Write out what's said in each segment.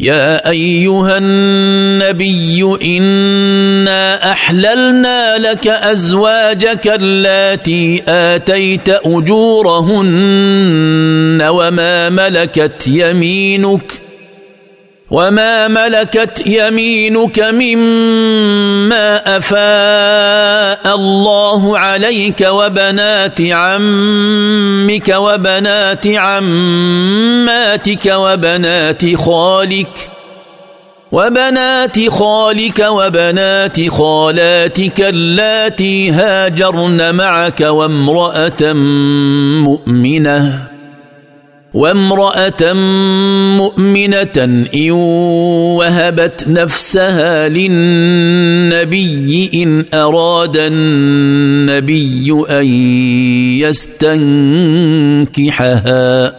يا ايها النبي انا احللنا لك ازواجك اللاتي اتيت اجورهن وما ملكت يمينك وما ملكت يمينك مما افاء الله عليك وبنات عمك وبنات عماتك وبنات خالك وبنات خالك وبنات خالاتك اللاتي هاجرن معك وامراه مؤمنه وامراه مؤمنه ان وهبت نفسها للنبي ان اراد النبي ان يستنكحها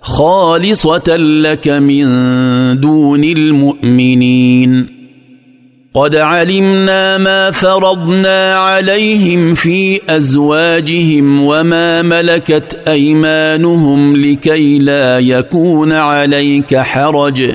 خالصه لك من دون المؤمنين قد علمنا ما فرضنا عليهم في ازواجهم وما ملكت ايمانهم لكي لا يكون عليك حرج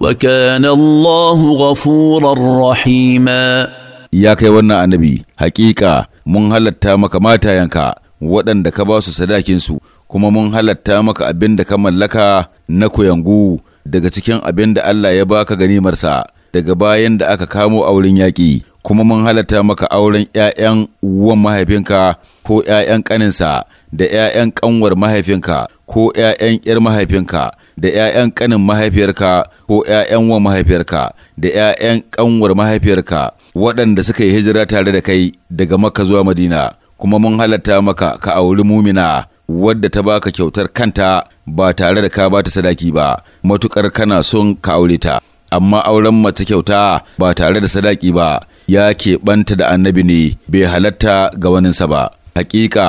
وكان الله غفورا رحيما يا كي wannan annabi haƙiƙa mun halatta maka yanka waɗanda ka ba su sadakinsu kuma mun halatta maka abin da ka mallaka na kuyangu daga cikin abin da Allah ya baka ganimarsa daga bayan da aka kamo a wurin yaƙi, kuma mun halatta maka auren ‘ya'yan uwan mahaifinka ko ‘ya'yan ƙaninsa da ‘ya'yan ƙanwar mahaifinka ko ‘ya'yan ‘yar mahaifinka da ‘ya'yan ƙanin mahaifiyarka ko ‘ya'yan wa mahaifiyarka da ‘ya'yan ƙanwar mahaifiyarka waɗanda suka yi hijira tare da kai daga Makka zuwa Madina, kuma mun halatta maka ka auri mumina wadda ta baka kyautar kanta ba tare da ka bata sadaki ba, matukar kana son ka aure ta. amma auren mace kyauta ba tare da sadaki ba ya ke keɓanta da annabi ne bai halatta ga waninsa ba hakika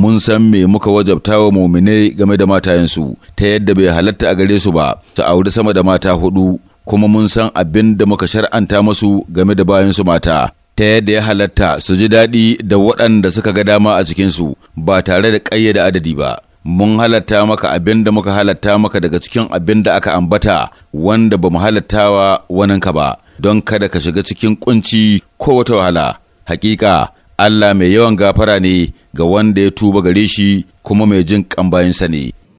mun san me muka wajabta wa muminai game da matayensu ta yadda bai halatta a gare su ba su auri sama da mata hudu kuma mun san abin da muka shar'anta masu game da bayansu mata ta yadda ya halatta su ji daɗi da waɗanda suka ga dama a cikinsu ba tare da ƙayyada adadi ba mun halatta maka abin da muka halatta maka daga cikin abin da aka ambata wanda ba mu wa waninka ba don kada ka shiga cikin kunci ko wata wahala hakika Allah mai yawan gafara ne ga wanda ya tuba gare shi kuma mai jin bayansa ne